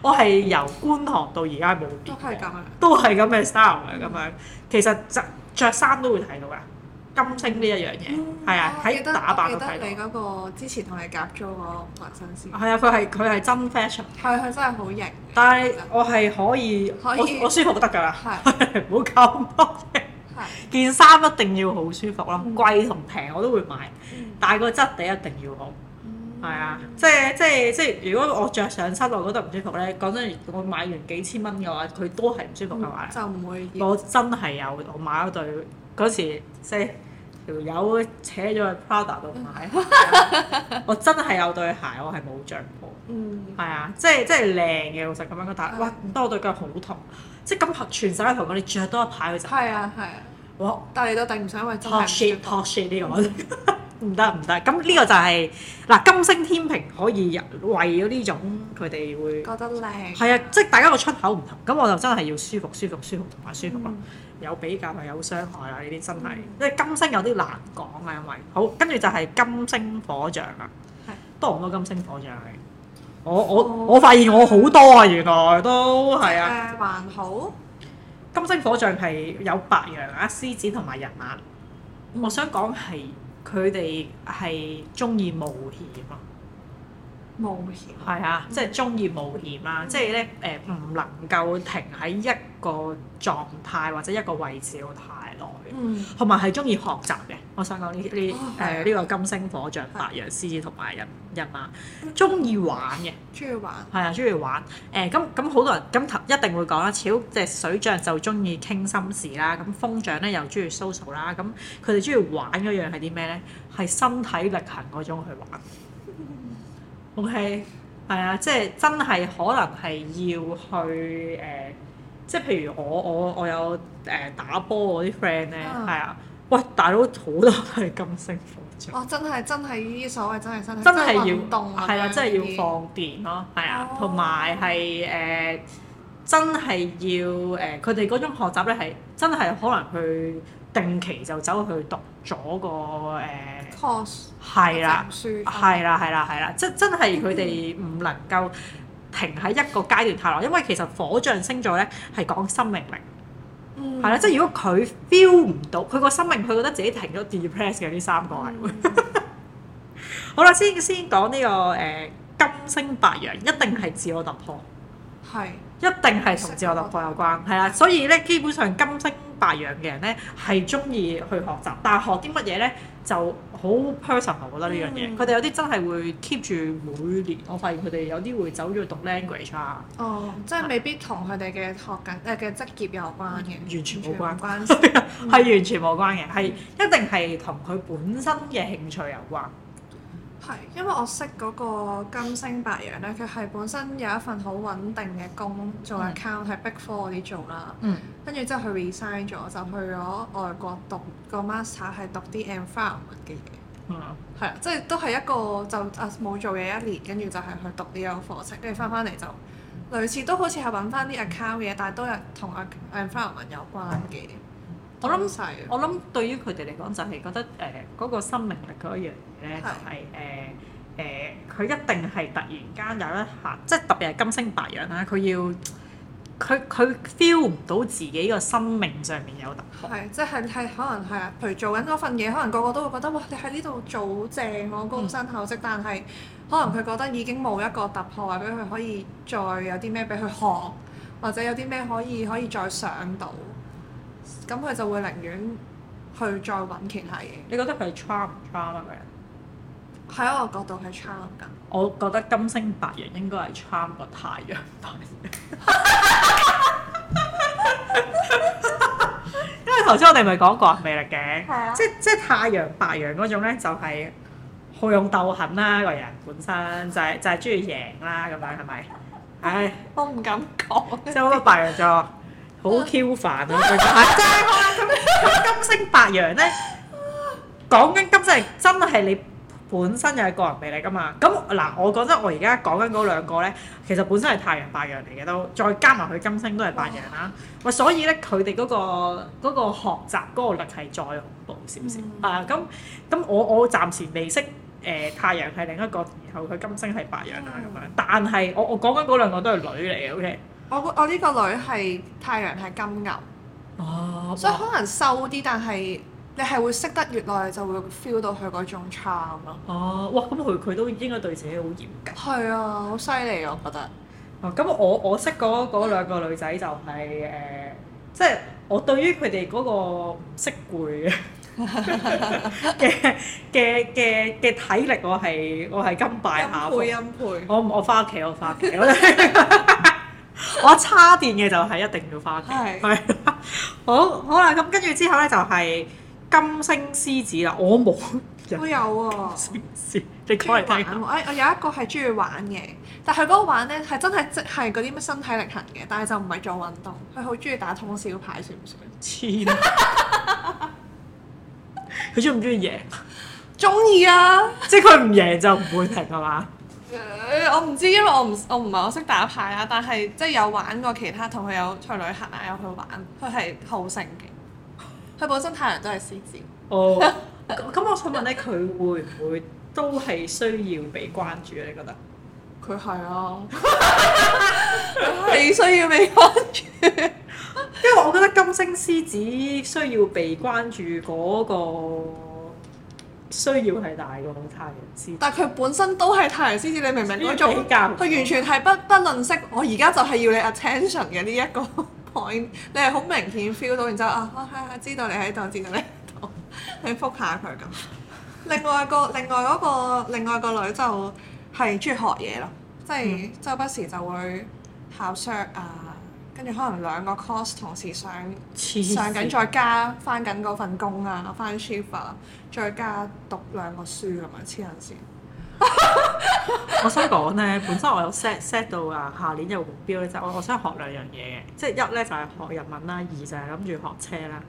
我係由觀塘到而家冇變。都係咁樣，都係咁嘅 style 咁樣、嗯。嗯、其實着着衫都會睇到㗎。金星呢一樣嘢，係啊，喺打扮個睇法。記得你嗰個之前同你夾咗個紋身師。係啊，佢係佢係真 fashion。係佢真係好型。但係我係可以，我我舒服得㗎啦，唔好咁多。件衫一定要好舒服咯，貴同平我都會買，但係個質地一定要好。係啊，即係即係即係，如果我着上身我覺得唔舒服咧，講真，我買完幾千蚊嘅話，佢都係唔舒服嘅話，就唔會。我真係有，我買咗對嗰時四。條友扯咗去 Prada 度買， 我真係有對鞋，我係冇著過。嗯，係啊，即係即係靚嘅，老實咁樣講，但係，多，我對腳好痛，即係咁全世界同我，你着多一排佢就，係啊係啊，哇！但係你都頂唔上，因為拖鞋，拖鞋呢個？ 唔得唔得，咁呢個就係嗱，金星天秤可以入為咗呢種佢哋會覺得靚，係啊，即係大家個出口唔同，咁我就真係要舒服舒服舒服同埋舒服咯。有比較啊，有傷害啊，呢啲真係，因為金星有啲難講啊，因為好跟住就係金星火象啊，多唔多金星火象？我我我發現我好多啊，原來都係啊，誒還好。金星火象係有白羊啊、獅子同埋人馬。我想講係。佢哋係中意冒險啊！冒險係啊，即係中意冒險啊，即係咧誒，唔能夠停喺一個狀態或者一個位置太耐，同埋係中意學習嘅。我想講呢啲誒呢個金星火象白羊獅子同埋人馬，中意玩嘅，中意玩，係啊，中意玩誒咁咁好多人咁頭一定會講啦，似嗰隻水象就中意傾心事啦，咁風象咧又中意 social 啦，咁佢哋中意玩嗰樣係啲咩咧？係身體力行嗰種去玩。OK 係啊，即係真係可能係要去誒，即係譬如我我我有誒打波嗰啲 friend 咧，係啊。喂，大佬，好多係金星火象。哦，真係真係呢啲所謂真係真係真係要動，係啦，真係要放電咯，係啊，同埋係誒，真係要誒，佢哋嗰種學習咧係真係可能去定期就走去讀咗個誒 course。係啦，係啦，係啦，即係真係佢哋唔能夠停喺一個階段下落，因為其實火象星座咧係講生命力。嗯，係啦，即係如果佢 feel 唔到，佢個生命，佢覺得自己停咗 depressed 嘅呢三個係，嗯、 好啦，先先講呢、呢個誒、呃、金星白羊一定係自我突破，係是，一定係同自我突破有關，係啦的，所以咧基本上金星。白羊嘅人咧，係中意去學習，但學啲乜嘢咧，就好 personal 我覺得呢樣嘢。佢哋、嗯、有啲真係會 keep 住每年，我發現佢哋有啲會走咗去讀 language 啊。哦，即係未必同佢哋嘅學緊誒嘅職業有關嘅，完全冇關，係完全冇關嘅，係、 嗯、一定係同佢本身嘅興趣有關。係，因為我識嗰個金星白羊咧，佢係本身有一份好穩定嘅工作做 account，喺 Big Four 啲做啦。嗯。跟住之後佢 resign 咗，就去咗外國讀個 master，係讀啲 environment 嘅。嗯。係啦，即係都係一個就啊冇做嘢一年，跟住就係去讀呢咁嘅課程，跟住翻翻嚟就類似，都好似係揾翻啲 account 嘅，但係都係同啊 environment 有關嘅。我諗我諗，對於佢哋嚟講，就係覺得誒嗰、呃嗰個生命力嗰樣。咧就係誒誒，佢一定係突然間有一下，即係特別係金星白羊啦。佢要佢佢 feel 唔到自己個生命上面有突破，係即係係可能係啊。譬如做緊嗰份嘢，可能個個都會覺得哇！你喺呢度做正，我高薪厚職，嗯、但係可能佢覺得已經冇一個突破，話俾佢可以再有啲咩俾佢學，或者有啲咩可以可以再上到，咁佢就會寧願去再揾其他嘢。你覺得佢係 charm 唔 charm 啊？咪？喺我角度係 charm 㗎，我覺得金星白羊應該係 charm 個太陽多啲。因為頭先我哋咪講過魅力嘅， 即即太陽白羊嗰種咧，就係好勇鬥狠啦，個人本身就係、是、就係中意贏啦咁樣，係咪？唉，我唔敢講。即好多白羊座好 Q 煩啊！金 星白羊咧，講緊金星係真係你。本身又係個人魅力㗎嘛，咁嗱，我覺得我而家講緊嗰兩個咧，其實本身係太陽、白羊嚟嘅都，再加埋佢金星都係白羊啦。喂哇，所以咧佢哋嗰個嗰、嗰個學習嗰個力係再恐怖少少、嗯、啊！咁咁我我暫時未識誒、呃、太陽係另一個，然後佢金星係白羊啊咁、嗯、樣，但係我我講緊嗰兩個都係女嚟嘅，OK。我我呢個女係太陽係金牛，哦，所以可能瘦啲，但係。你係會識得越耐就會 feel 到佢嗰種 charm 咯。哦，哇！咁佢佢都應該對自己好嚴格。係啊，好犀利啊！我覺得。咁、哦、我我識嗰嗰兩個女仔就係、是、誒、呃，即係我對於佢哋嗰個識攰嘅嘅嘅嘅體力我，我係我係甘拜下風。啊賠！我唔我返屋企我返屋企，我叉電嘅就係一定要返屋企。係。Right. 好好啦，咁跟住之後咧就係。金星獅子啦，我冇。都有喎、啊。金星獅子，即係講嚟聽。誒、啊，我有一個係中意玩嘅，但係佢嗰個玩呢係真係即係嗰啲咩身體力行嘅，但係就唔係做運動。佢好中意打通宵牌，算唔算？黐線。佢中唔中意贏？中意歡啊！ 即係佢唔贏就唔會停係嘛、呃？我唔知，因為我唔我唔係我識打牌啊。但係即係有玩過其他，同佢有出去旅行啊，有去玩。佢係好勝嘅。佢本身太陽都係獅子哦，咁、oh, 我想問咧，佢會唔會都係需要被關注啊？你覺得？佢係是啊，未 需要被關注， 因為我覺得金星獅子需要被關注嗰個需要係大過太陽獅子，但係佢本身都係太陽獅子，你明唔明嗰種佢完全係不不吝惜，我而家就係要你 attention 嘅呢一、這個。Point，你係好明顯 feel 到，然之後啊，啊，知道你喺度，知道你喺度，你復下佢咁。另外個，另外嗰個，另外個女就係中意學嘢咯，即係周不時就會考試啊，跟住可能兩個 course 同時上上緊、啊，再加返緊嗰份工啊，返 shift 啊，再加讀兩個書咁啊，黐撚線。 我想講咧，本身我有 set set 到啊，下年有目標咧，就是、我我想學兩樣嘢嘅，即係一咧就係學日文啦，二就係諗住學車啦。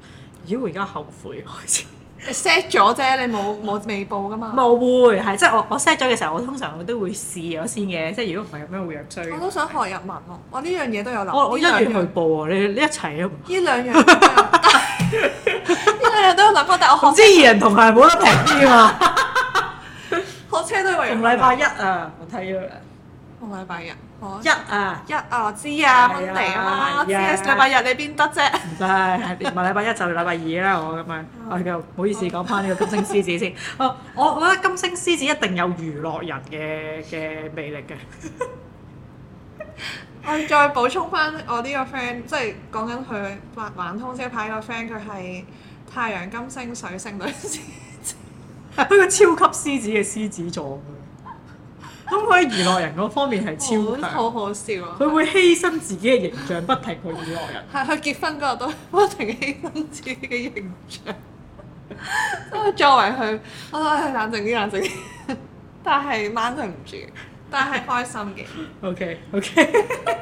咦，我而家後悔開始你。你 set 咗啫，你冇冇未報噶嘛？冇會係，即係我我 set 咗嘅時候，我通常我都會試咗先嘅。即係如果唔係咁樣，會入衰。我都想學日文咯，我呢、哦、樣嘢都有諗、哦。我一月去報喎，你你一齊咯。呢兩樣，呢兩,兩樣都有諗過， 但係我唔知二人同鞋冇得平啲嘛。 坐車都係，仲禮拜一啊！我睇咗啦，禮拜一，一啊，一啊，知啊，Monday 啊嘛，知禮拜日你邊得啫？唔使，唔係禮拜一就禮拜二啦。我咁樣，我哋就唔好意思講翻呢個金星獅子先。我我覺得金星獅子一定有娛樂人嘅嘅魅力嘅。我再補充翻，我呢個 friend 即係講緊佢玩玩通車牌個 friend，佢係太陽金星水星女士。佢、啊、個超級獅子嘅獅子座嘅，咁喺娛樂人嗰方面係超，好好笑啊！佢會犧牲自己嘅形象，的不停去娛樂人。係，佢結婚嗰日都不停犧牲自己嘅形象。 作為佢，唉，冷靜啲，冷靜啲。但係掹佢唔住，但係開心嘅。 OK，OK Okay, okay.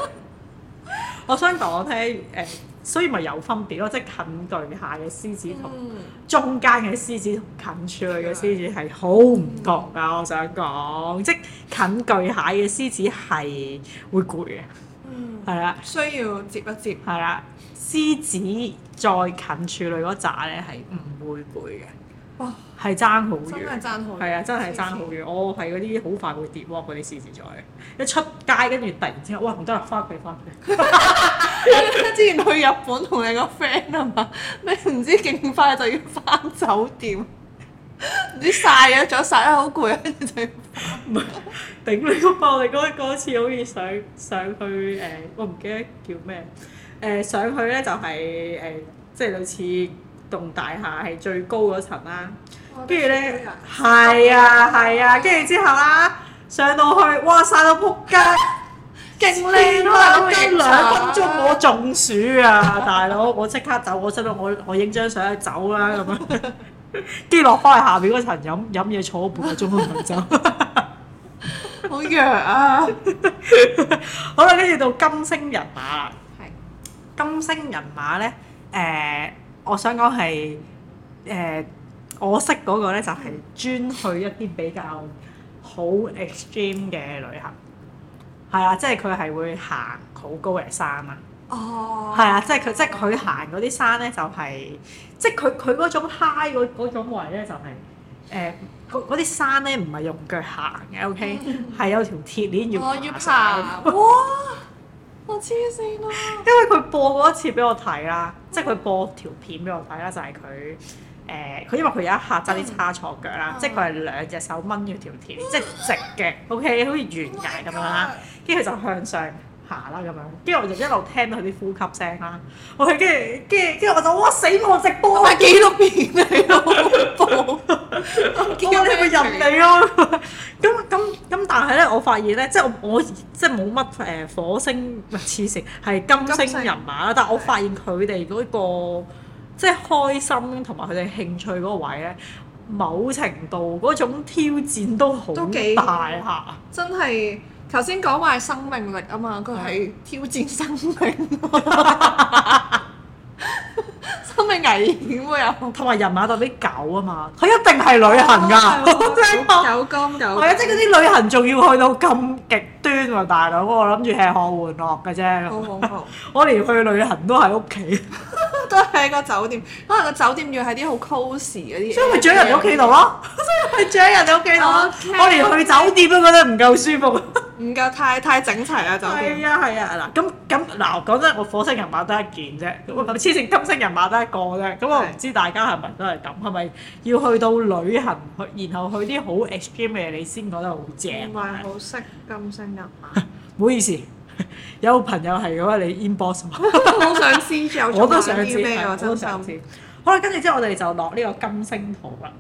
我想講我聽誒。看看呃所以咪有分別咯，即係近巨蟹嘅獅子同中間嘅獅子同近處女嘅獅子係好唔同㗎。嗯、我想講，即係近巨蟹嘅獅子係會攰嘅，係啦、嗯，的需要接一接。係啦，獅子再近處女嗰紮咧係唔會攰嘅。哇，係爭好遠，係奇啊，真係爭好遠。我係嗰啲好快會跌鑊嗰啲事時在一，一出街跟住，突然之間，哇，唔得啦，翻屋企，翻屋企。 之前去日本同你個 friend 啊嘛？咩唔知勁快就要翻酒店，唔 知曬啊，仲曬啊，好攰啊，跟住就。唔係，頂你個肺！我哋嗰次好似上上去誒，我唔記得叫咩誒，上去咧、呃呃、就係、是、誒、呃，即係類似。棟大廈係最高嗰層啦，跟住咧係啊係啊，跟住之後啦，上到去哇曬到仆街，勁靚啦，對兩分鐘我中暑啊，大佬，我即刻走，我即刻我我影張相走啦咁樣，跟住落翻去下邊嗰層飲飲嘢，坐半個鐘都唔走，好弱啊，好啦，跟住到金星人馬，金星人馬咧誒。我想講係誒，我識嗰個咧就係、係、專去一啲比較好 extreme 嘅旅行，係啊，即係佢係會行好高嘅山啊。哦，係啊，即係佢即係佢行嗰啲山咧就係，即係佢佢嗰種 high 嗰嗰種位咧就係、係、誒，嗰、呃、啲山咧唔係用腳行嘅，OK，係、mm hmm. 有條鐵鏈要爬、oh, 要爬。爬哇。我黐線、啊、啦，嗯啦就係呃！因為佢播過一次俾我睇啦，即係佢播條片俾我睇啦，就係佢誒，佢因為佢有一下揸啲叉錯腳啦，嗯、即係佢係兩隻手掹住條條，嗯、即係直嘅、嗯、OK，好似懸崖咁樣啦，跟住佢就向上。爬啦咁樣，跟住我就一路聽到佢啲呼吸聲啦。我係跟住跟住跟住，我就哇死！我直播喎，幾多片啊？直播，我係咪人嚟啊？咁咁咁， 但係咧，我發現咧，即係我，我即係冇乜誒火星似成係金星人馬啦。星但我發現佢哋嗰個的即係開心同埋佢哋興趣嗰個位咧，某程度嗰種挑戰都好大下，真係。頭先講話係生命力啊嘛，佢係挑戰生命， 生命危險喎、啊、有！同埋人馬到啲狗啊嘛，佢一定係旅行㗎、哦，狗工狗，係啊、哦，即係嗰啲旅行仲要去到咁極端喎，大佬，我諗住吃喝玩樂嘅啫，好恐怖。 我連去旅行都喺屋企。 都喺個酒店，可能個酒店要係啲好 cosy 嗰啲嘢。所以咪住喺人哋屋企度咯，住喺人哋屋企度。我連去酒店都覺得唔夠舒服，唔夠太太整齊啦酒店。係啊，係啊嗱，咁咁嗱講真，我火星人馬得一件啫，我黐住金星人馬得一個啫。咁我唔知大家係咪都係咁，係咪要去到旅行去，然後去啲好 expensive 嘅嘢，你先覺得好正？唔係好識金星人馬，唔好意思。有朋友係咁啊，你 inbox 嘛？ 我想知，我都想知， 我都想知。好啦，跟住之後我哋就落呢個金星圖啦。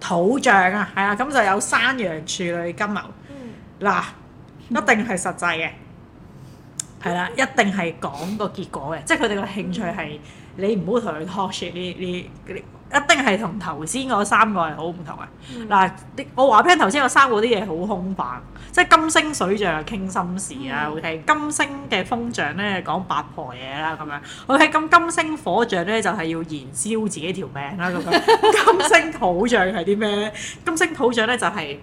土象啊，係啊，咁就有山羊、處女、嗯、金牛。嗱，一定係實際嘅，係啦，一定係講個結果嘅，即係佢哋個興趣係你唔好同佢 talk shit 呢呢啲，一定係同頭先嗰三個係好唔同嘅。嗱、嗯，我話俾你聽，頭先嗰三個啲嘢好空泛。即係金星水象傾心事啊，O K。Okay? 金星嘅風象咧，講八婆嘢啦咁樣，O K。咁、okay? 金星火象咧就係、是、要燃燒自己條命啦咁樣。金星土象係啲咩咧？金星土象咧就係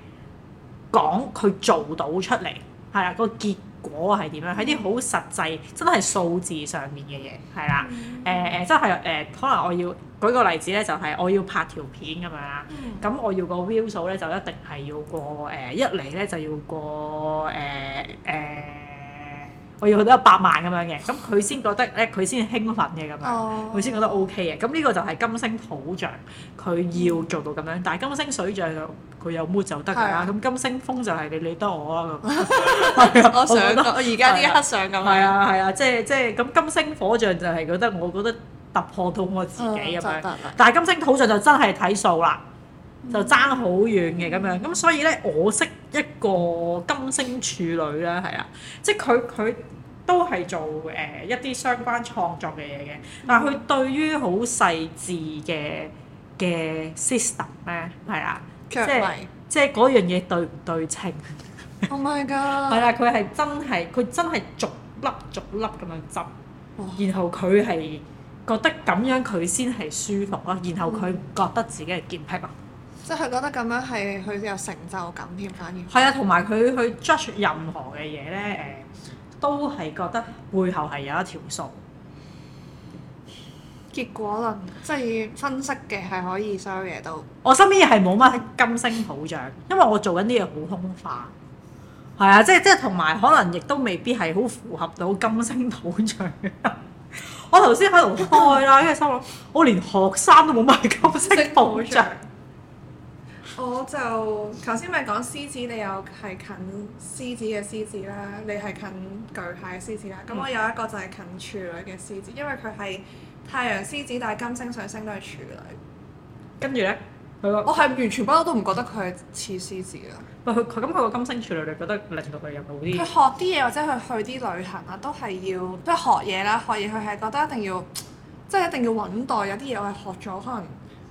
講佢做到出嚟，係啊，嗰個結果啊，係點樣？喺啲好實際、真係數字上面嘅嘢，係啦。誒誒、嗯，即係誒，可能我要舉個例子咧，就係、係、我要拍條片咁樣啦。咁我要個 view 數咧，就一定係要過誒、呃，一嚟咧就要過誒誒。呃呃我要去到一百萬咁樣嘅，咁佢先覺得咧，佢先興奮嘅咁樣，佢先覺得 OK 嘅。咁呢、oh. OK、個就係金星土象，佢要做到咁樣。但係金星水象佢有 mood 就得㗎啦。咁、啊、金星風就係你你多我啊咁。 對我想，我而家呢刻想咁樣！係啊係啊，即係即係咁金星火象就係覺得我覺得突破到我自己咁樣，oh, that's right. 但係金星土象就真係睇數啦。就爭好遠嘅咁樣，咁、嗯、所以咧，我識一個金星處女啦，係啊，即係佢佢都係做誒、呃、一啲相關創作嘅嘢嘅，但係佢對於好細緻嘅嘅 system 咧，係啊，即係位即係嗰樣嘢對唔對稱 ？Oh my god！係啊，佢係真係佢真係逐粒逐粒咁樣執，oh. 然後佢係覺得咁樣佢先係舒服咯，嗯、然後佢唔覺得自己係潔癖啊。即係覺得咁樣係佢有成就感添，反而係啊，同埋佢去 judge 任何嘅嘢呢，呃、都係覺得背後係有一條數結果論，即係分析嘅係可以所有嘢都。 我身邊係冇乜金星土象，因為我做緊啲嘢普通化，係啊，即係即係同埋可能亦都未必係好符合到金星土象。 我頭先喺度開啦，因為心諗我連學生都冇乜金星土象。我就頭先咪講獅子，你又係近獅子嘅獅子啦，你係近巨蟹嘅獅子啦。咁、嗯、我有一個就係近處女嘅獅子，因為佢係太陽獅子，但係金星上升都係處女。跟住咧，我係完全不嬲都唔覺得佢似獅子噶。咁佢、嗰個金星處女，你覺得令到佢有冇啲？佢學啲嘢或者佢去啲旅行啊，都係要即係學嘢啦。學嘢佢係覺得一定要，即、就、係、是、一定要穩待。有啲嘢我係學咗，可能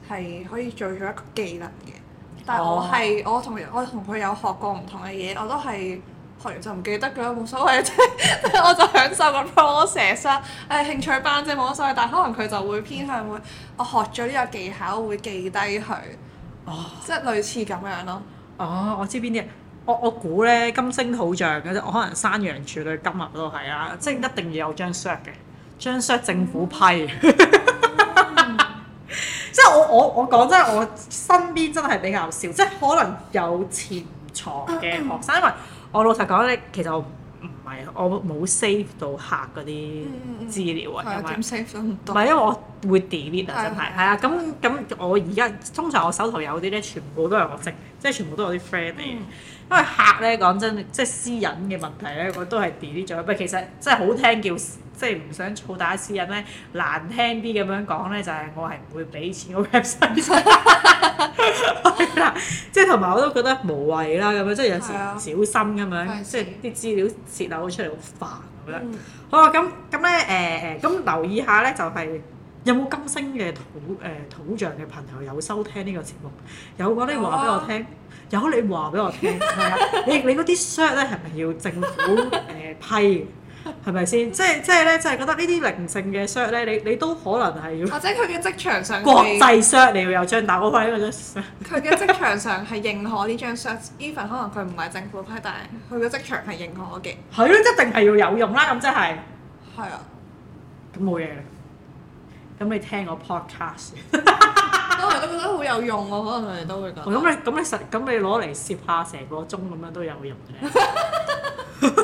係可以做咗一個技能嘅。但係我係我同我同佢有學過唔同嘅嘢，我都係學完就唔記得嘅，冇所謂，即係 我就享受個 process，啊。誒興趣班啫，冇乜所謂。但係可能佢就會偏向會我學咗呢個技巧會記低佢，哦、即係類似咁樣咯。哦，我知邊啲啊？我我估咧金星土象，嘅啫，我可能山羊、處女、金牛都係啊，嗯、即係一定要有張 shirt 嘅，張 shirt 政府批。嗯 我我我講真，我身邊真係比較少，即係可能有潛藏嘅學生。Uh, um, 因為我老實講咧，其實我唔係我冇 save 到客嗰啲資料啊，係點 save 唔到？唔係因為我會 delete 啊，真係係啊。咁咁、嗯，我而家通常我手頭有啲咧，全部都係我識，即係全部都係我啲 friend 嚟嘅。Um, 因為客咧講真，即係私隱嘅問題咧，我都係 delete 咗。不過其實真係好聽叫，即係唔想曝大家私隱咧，難聽啲咁樣講咧，就係、是、我係唔會俾錢個 rap singer 啦。即係同埋我都覺得無謂啦，咁樣即係有時唔小心咁樣，即係啲資料泄露出嚟好煩。我覺得好啊，咁咁咧誒誒，咁、呃、留意下咧，就係有冇金星嘅土誒土象嘅朋友有收聽呢個節目？有個咧話俾我聽，啊。有你話俾我聽，係你你嗰啲 shirt 咧係咪要政府誒、呃、批嘅？係咪先？即係即係咧，即係覺得呢啲靈性嘅 shirt 咧，你你都可能係或者佢嘅職場上國際 shirt 你要有張大火機，嗰佢嘅職場上係認可呢張 shirt，even 可能佢 唔係政府批，但係佢嘅職場係認可嘅。係咯，一定係要有用啦，咁即係。係是啊，咁冇嘢。咁你聽我 podcast 都係都覺得好有用喎、啊，可能佢哋都會覺得。 哦，咁你咁你實咁你攞嚟攝下成個鐘咁樣都有用嘅。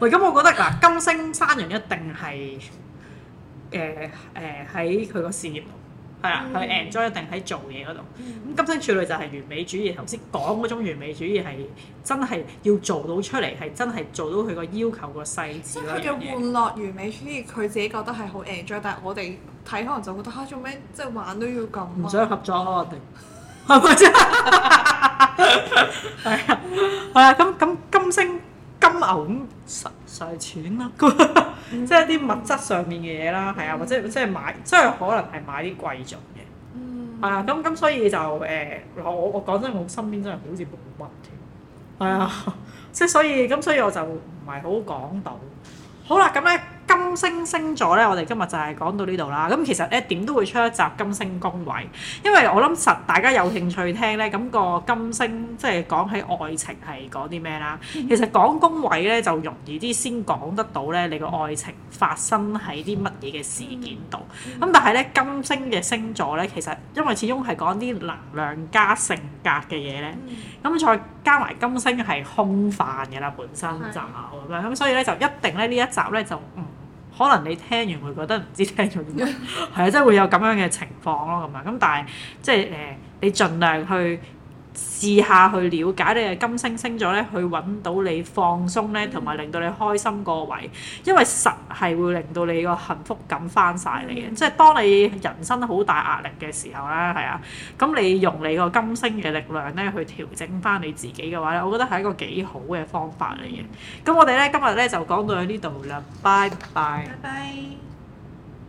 喂，咁我覺得嗱，金星山羊一定係誒誒喺佢個事業。係啊，佢 enjoy 一定喺做嘢嗰度。咁金星處女就係完美主義，頭先講嗰種完美主義係真係要做到出嚟，係真係做到佢個要求個細緻啦。佢嘅玩樂完美主義，佢入鰭自己覺得係好 enjoy，但係我哋睇可能就覺得嚇，做咩即係玩都要咁？唔想合作啊，我哋係咪先？係啊係啊，咁咁 esa 金星，星。金牛咁使錢啦、啊， 嗯、即係啲物質上面嘅嘢啦，係、嗯、啊，或者即係買，即係可能係買啲貴重嘅，係、嗯、啊，咁咁所以就誒、呃，我我講真，我身邊真係好似冇乜添，係啊，嗯、 即係所以咁，所以我就唔係好講到。好啦，咁咧。金星星座咧，我哋今日就係講到呢度啦。咁其實咧，點都會出一集金星宮位，因為我諗實大家有興趣聽咧，咁個金星即係講起愛情係講啲咩啦。其實講宮位咧就容易啲，先講得到咧你個愛情發生喺啲乜嘢嘅事件度。咁但係咧金星嘅星座咧，其實因為始終係講啲能量加性格嘅嘢咧，咁再加埋金星係空泛嘅啦，本身就咁樣，咁所以咧就一定咧呢一集咧就唔。可能你聽完會覺得唔知聽咗點、 就是、樣，樣，係啊，即係會有咁樣嘅情況咯，咁樣咁，但係即係誒，你盡量去。試下去了解你嘅金星星座咧，去揾到你放鬆咧，同埋令到你開心個位，因為實係會令到你個幸福感翻晒嚟嘅。嗯、即係當你人生好大壓力嘅時候啦，係啊，咁你用你個金星嘅力量咧去調整翻你自己嘅話，咧，我覺得係一個幾好嘅方法嚟嘅。咁我哋咧今日咧就講到呢度啦，拜拜拜拜。